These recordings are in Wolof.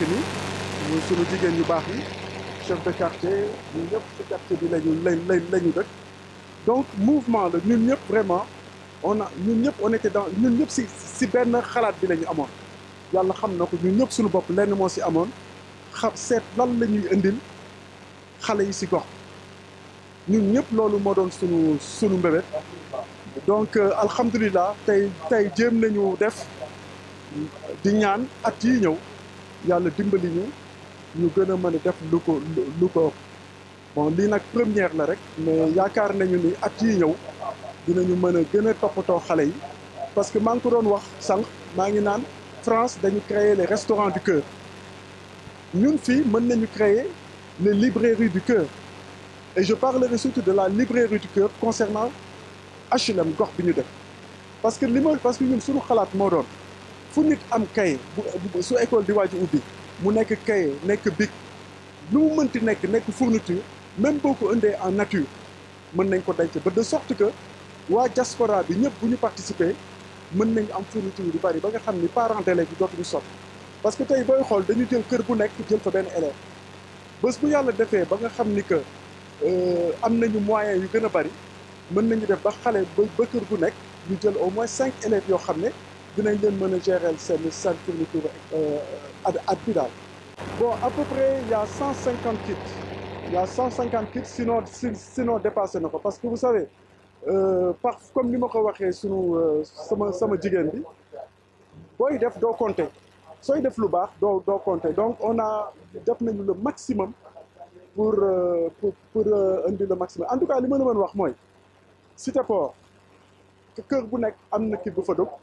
nekk ni ñu suñu jigéen ñu baax yi chef de quartier ñu ñëpp ci quartier de lañu lañ lañ donc mouvement le ñun ñëpp vraiment on a ñun ñëpp on était dans ñun ñëpp si si benn xalaat de la ñu Yalla yàlla xam na ko ñun ñëpp suñu bopp lenn mo ci amoon xam lan lañuy ñuy indil yi ci gox ñun ñëpp loolu mo doon suñu suñu mbébét donc euh, alhamdulilah tay tay jëm nañu def di ñaan at yi ñëw yalla dimbali ñu ñu gëna mëna def lu ko lu ko bon li nak première la rek mais yaakar nañu ni at yi ñëw dinañu mëna gëna topato xalé yi parce que maa ngi ko doon wax sank ma ngi naan France dañu créer les restaurants du cœur ñun fi mën nañu créer les librairies du cœur et je parlerai surtout de la librairie du cœur concernant HLM gox bi ñu def parce que li ma parce que ñun suñu xalaat mo doon fu nit am kaye su école di waaj ubbi mu nekk kaye nekk bic lu mu mënti nekk nekk fourniture même boo ko indee en nature mën nañ ko denc ba de sorte que waa diaspora bi ñëpp bu ñu participer mën nañ am fourniture yu bari ba nga xam ni parents d'élèves yi dootuñu sot parce que tey booy xool dañu jël kër bu nekk jël fa benn élève bés bu yàlla defee ba nga xam ni que euh, am nañu moyens yu gën a bari mën nañu def ba xale ba kër bu nekk ñu jël au moins cinq élèves yoo xam ne dinañ leen mën a gérer seen seen fourniture euh, euh, at bon à peu près il y a 150 kits il y a 150 kits sinon sinon dépassé na ko parce que vous savez euh, par comme ni ma ko waxee sunu sama sama jigéen bi booy def doo compter sooy def lu baax doo doo compter donc on a def nañu le maximum pour pour pour indi le maximum en tout cas li ma la mën wax mooy Cité Port kër bu nekk am na kit bu fa dëkk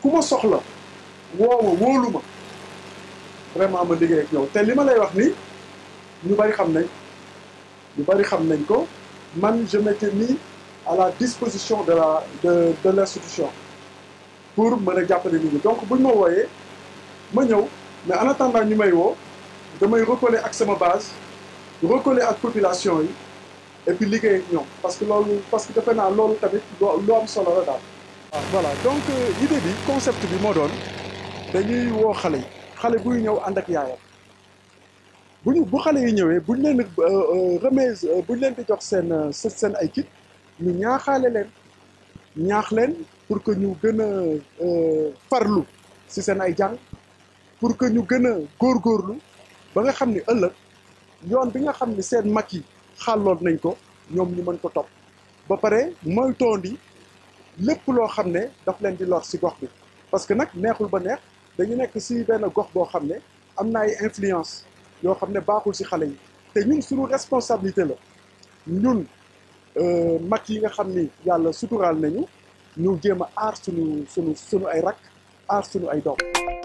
ku ma soxla woowa wóolu ma vraiment ma liggéey ak yow te li ma lay wax ni ñu bari xam nañ ñu bari xam nañ ko man je m'étais mis à la disposition de la de de l'institution pour mën a jàppale nit ñi donc buñ ma wooyee ma ñëw mais en attendant ñu may woo damay recoller ak sama base recoller ak population yi et puis liggéey ak ñoom parce que loolu parce que defe naa loolu tamit lu am solo la daal. waaw ah, voilà donc euh, idée bi concept bi moo doon dañuy woo xale yi xale buy ñëw ànd ak yaayam bu ñu bu xale yi ñëwee buñ leen euh, euh, remise buñ leen di jox seen seen ay kit ñu ñaaxaale leen ñaax leen pour que ñu gën a farlu si seen ay jàng pour que ñu gën a góorgóorlu ba nga xam ni ëllëg yoon bi nga xam ni seen mag yi xàlloon nañ ko ñoom ñu mën ko topp ba pare moytoon di lépp loo xam ne daf leen di lor si gox bi parce que nag neexul ba neex dañu nekk si benn gox boo xam ne am na ay influence yoo xam ne baaxul si xale yi te ñun suñu responsabilité la ñun euh, mag yi nga xam ni yàlla suturaal nañu ñu jéem a aar sunu sunu sunu ay rak aar sunu ay doom